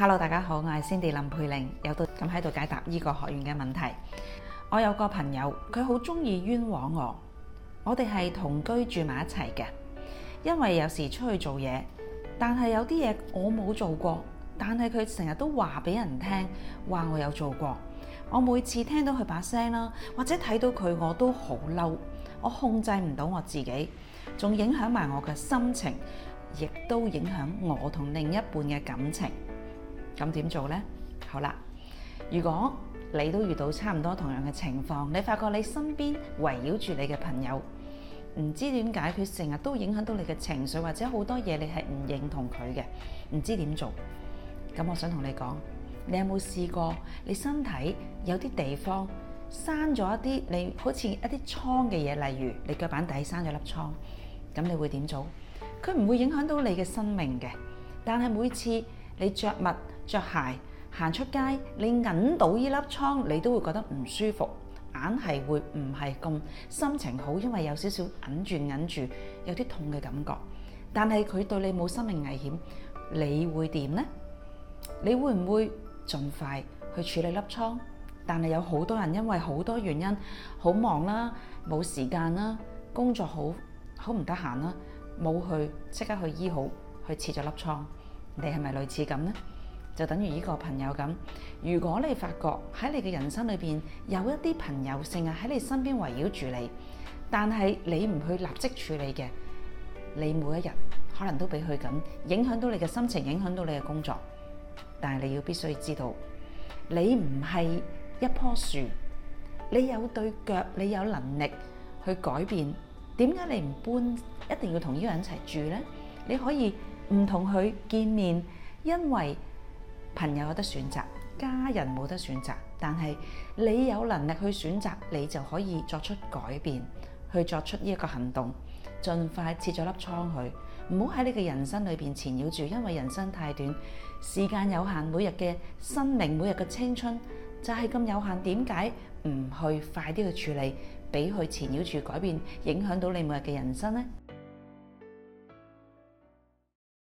Hello，大家好，我係先地林佩玲，又到咁喺度解答呢個學員嘅問題。我有個朋友，佢好中意冤枉我。我哋係同居住埋一齊嘅，因為有時出去做嘢，但係有啲嘢我冇做過，但係佢成日都話俾人聽，話我有做過。我每次聽到佢把聲啦，或者睇到佢，我都好嬲，我控制唔到我自己，仲影響埋我嘅心情，亦都影響我同另一半嘅感情。咁點做呢？好啦，如果你都遇到差唔多同樣嘅情況，你發覺你身邊圍繞住你嘅朋友，唔知點解佢成日都影響到你嘅情緒，或者好多嘢你係唔認同佢嘅，唔知點做。咁我想同你講，你有冇試過你身體有啲地方生咗一啲你好似一啲瘡嘅嘢，例如你腳板底生咗粒瘡，咁你會點做？佢唔會影響到你嘅生命嘅，但係每次你著物。着鞋行出街，你揞到依粒瘡，你都會覺得唔舒服，硬係會唔係咁心情好，因為有少少揞住揞住有啲痛嘅感覺。但係佢對你冇生命危險，你會點呢？你會唔會盡快去處理粒瘡？但係有好多人因為好多原因好忙啦，冇時間啦，工作好好唔得閒啦，冇去即刻去醫好，去切咗粒瘡。你係咪類似咁呢？就等於依個朋友咁。如果你發覺喺你嘅人生裏面有一啲朋友成日喺你身邊圍繞住你，但係你唔去立即處理嘅，你每一日可能都俾佢咁影響到你嘅心情，影響到你嘅工作。但係你要必須知道，你唔係一棵樹，你有對腳，你有能力去改變。點解你唔搬？一定要同呢個人一齊住呢？你可以唔同佢見面，因為，朋友有得選擇，家人冇得選擇，但係你有能力去選擇，你就可以作出改變，去作出呢一個行動，盡快切咗粒瘡去，唔好喺你嘅人生裏面纏繞住，因為人生太短，時間有限，每日嘅生命，每日嘅青春就係咁有限，點解唔去快啲去處理，俾佢纏繞住，改變影響到你每日嘅人生呢？